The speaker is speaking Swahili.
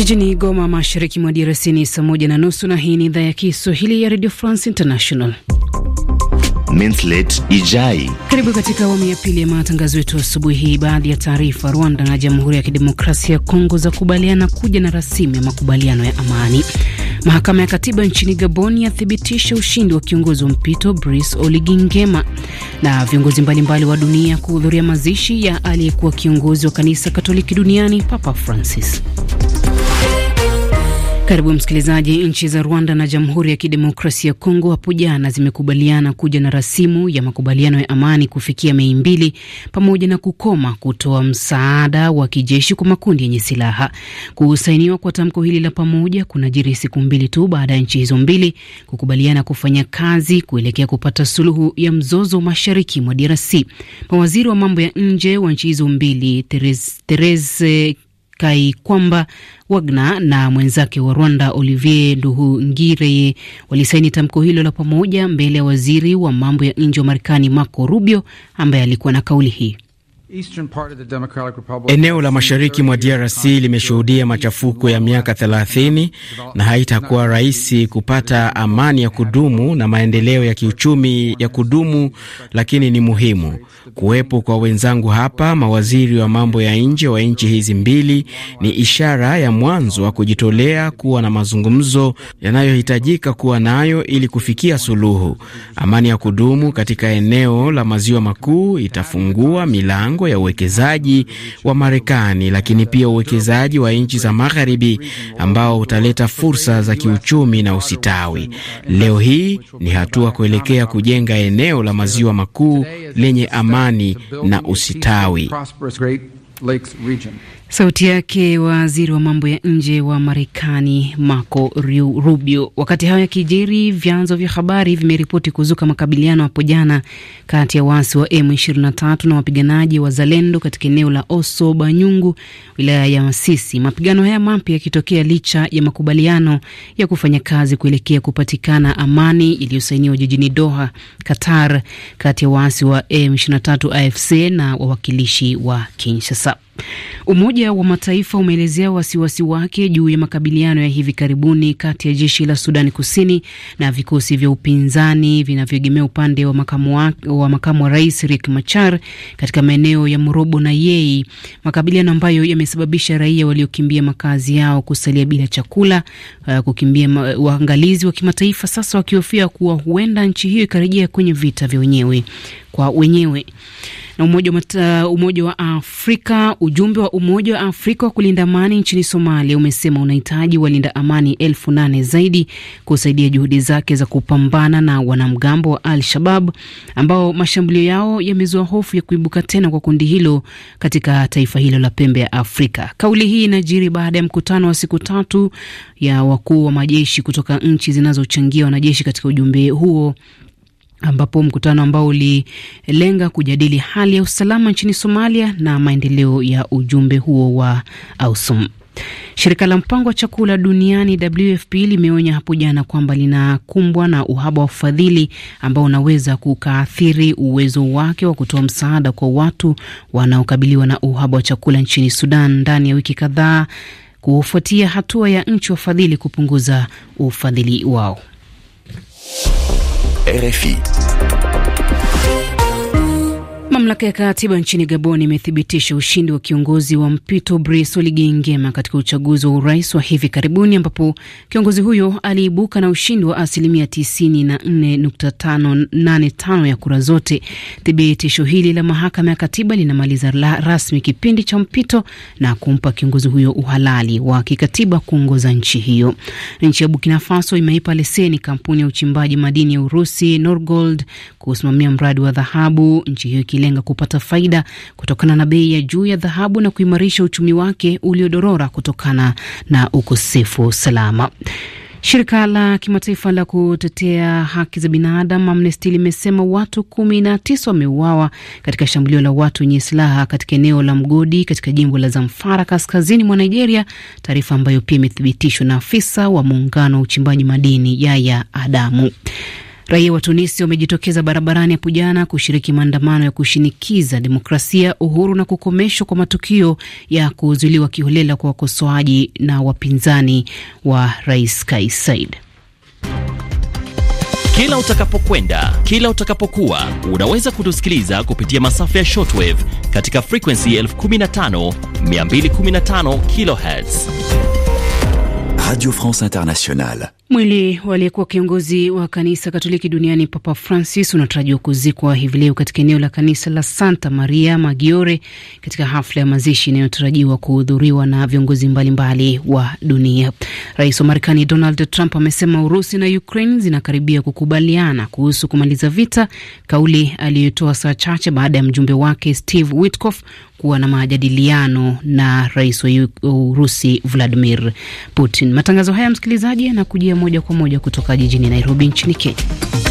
Jijini Goma, mashariki mwa DRC ni saa moja na nusu, na hii ni idhaa ya Kiswahili ya Radio France International. Ijai. Karibu katika awamu ya pili ya matangazo yetu asubuhi hii. Baadhi ya taarifa: Rwanda na Jamhuri ya Kidemokrasia ya Kongo za kubaliana kuja na rasimu ya makubaliano ya amani. Mahakama ya Katiba nchini Gabon yathibitisha ushindi wa kiongozi wa mpito Brice Oligui Nguema, na viongozi mbalimbali wa dunia kuhudhuria mazishi ya aliyekuwa kiongozi wa kanisa Katoliki duniani Papa Francis. Karibu msikilizaji. Nchi za Rwanda na Jamhuri ya Kidemokrasia ya Kongo hapo jana zimekubaliana kuja na rasimu ya makubaliano ya amani kufikia Mei mbili, pamoja na kukoma kutoa msaada wa kijeshi kwa makundi yenye silaha. Kusainiwa kwa tamko hili la pamoja kunajiri siku mbili tu baada ya nchi hizo mbili kukubaliana kufanya kazi kuelekea kupata suluhu ya mzozo mashariki mwa DRC. Mawaziri wa mambo ya nje wa nchi hizo mbili Therese Kai kwamba Wagner na mwenzake wa Rwanda Olivier Nduhungire walisaini tamko hilo la pamoja mbele ya waziri wa mambo ya nje wa Marekani Marco Rubio ambaye alikuwa na kauli hii. Eneo la mashariki mwa DRC limeshuhudia machafuko ya miaka 30 na haitakuwa rahisi kupata amani ya kudumu na maendeleo ya kiuchumi ya kudumu, lakini ni muhimu kuwepo kwa wenzangu hapa, mawaziri wa mambo ya nje wa nchi hizi mbili. Ni ishara ya mwanzo wa kujitolea kuwa na mazungumzo yanayohitajika kuwa nayo ili kufikia suluhu. Amani ya kudumu katika eneo la maziwa makuu itafungua milango malengo ya uwekezaji wa Marekani, lakini pia uwekezaji wa nchi za magharibi ambao utaleta fursa za kiuchumi na usitawi. Leo hii ni hatua kuelekea kujenga eneo la maziwa makuu lenye amani na usitawi. Lakes region. Sauti yake waziri wa mambo ya nje wa Marekani Marco Rubio. Wakati hayo yakijiri, vyanzo vya habari vimeripoti kuzuka makabiliano hapo jana kati ya waasi wa M23 na wapiganaji wa Zalendo katika eneo la Oso Banyungu, wilaya ya Masisi. Mapigano haya mapya yakitokea licha ya makubaliano ya kufanya kazi kuelekea kupatikana amani iliyosainiwa jijini Doha, Qatar, kati ya waasi wa M23 AFC na wawakilishi wa Kinshasa sasa. Umoja wa Mataifa umeelezea wasiwasi wake juu ya makabiliano ya hivi karibuni kati ya jeshi la Sudani Kusini na vikosi vya upinzani vinavyoegemea upande wa makamu wa, wa makamu wa rais Riek Machar katika maeneo ya Morobo na Yei, makabiliano ambayo yamesababisha raia waliokimbia makazi yao kusalia bila chakula, uh, kukimbia. Waangalizi wa kimataifa sasa wakihofia kuwa huenda nchi hiyo ikarejea kwenye vita vya wenyewe kwa wenyewe. Na umoja mata, uh, umoja wa Afrika, ujumbe wa Umoja wa Afrika wa kulinda amani nchini Somalia umesema unahitaji walinda amani elfu nane zaidi kusaidia juhudi zake za kupambana na wanamgambo wa Al Shabab ambao mashambulio yao yamezua hofu ya kuibuka tena kwa kundi hilo katika taifa hilo la pembe ya Afrika. Kauli hii inajiri baada ya mkutano wa siku tatu ya wakuu wa majeshi kutoka nchi zinazochangia wanajeshi katika ujumbe huo ambapo mkutano ambao ulilenga kujadili hali ya usalama nchini Somalia na maendeleo ya ujumbe huo wa AUSUM. Shirika la mpango wa chakula duniani WFP limeonya hapo jana kwamba linakumbwa na uhaba wa ufadhili ambao unaweza kukaathiri uwezo wake wa kutoa msaada kwa watu wanaokabiliwa na uhaba wa chakula nchini Sudan ndani ya wiki kadhaa kufuatia hatua ya nchi wafadhili kupunguza ufadhili wao. RFI. Mamlaka ya katiba nchini Gabon imethibitisha ushindi wa kiongozi wa mpito Brice Oligui Nguema katika uchaguzi wa urais wa hivi karibuni ambapo kiongozi huyo aliibuka na ushindi wa asilimia 94.85 ya kura zote. Thibitisho hili la mahakama ya katiba linamaliza rasmi kipindi cha mpito na kumpa kiongozi huyo uhalali wa kikatiba kuongoza nchi hiyo. Nchi ya Burkina Faso imeipa leseni kampuni ya uchimbaji madini ya Urusi Norgold kusimamia mradi wa dhahabu nchi hiyo ikilenga na kupata faida kutokana na bei ya juu ya dhahabu na kuimarisha uchumi wake uliodorora kutokana na ukosefu wa usalama. Shirika la kimataifa la kutetea haki za binadamu Amnesty limesema watu kumi na tisa wameuawa katika shambulio la watu wenye silaha katika eneo la mgodi katika jimbo la Zamfara kaskazini mwa Nigeria, taarifa ambayo pia imethibitishwa na afisa wa muungano wa uchimbaji madini Yaya Adamu. Raia wa Tunisia wamejitokeza barabarani hapo jana kushiriki maandamano ya kushinikiza demokrasia, uhuru na kukomeshwa kwa matukio ya kuzuiliwa kiholela kwa wakosoaji na wapinzani wa rais Kais Saied. Kila utakapokwenda, kila utakapokuwa, unaweza kutusikiliza kupitia masafa ya shortwave katika frequency 15215 kHz Radio France Internationale. Mwili waliyekuwa kiongozi wa kanisa Katoliki duniani Papa Francis unatarajiwa kuzikwa hivi leo katika eneo la kanisa la Santa Maria Maggiore katika hafla ya mazishi inayotarajiwa kuhudhuriwa na viongozi mbalimbali wa dunia. Rais wa Marekani Donald Trump amesema Urusi na Ukraine zinakaribia kukubaliana kuhusu kumaliza vita, kauli aliyotoa saa chache baada ya mjumbe wake Steve Witkoff kuwa na majadiliano na rais wa Urusi Vladimir Putin. Matangazo haya msikilizaji yanakujia moja kwa moja kutoka jijini Nairobi nchini Kenya.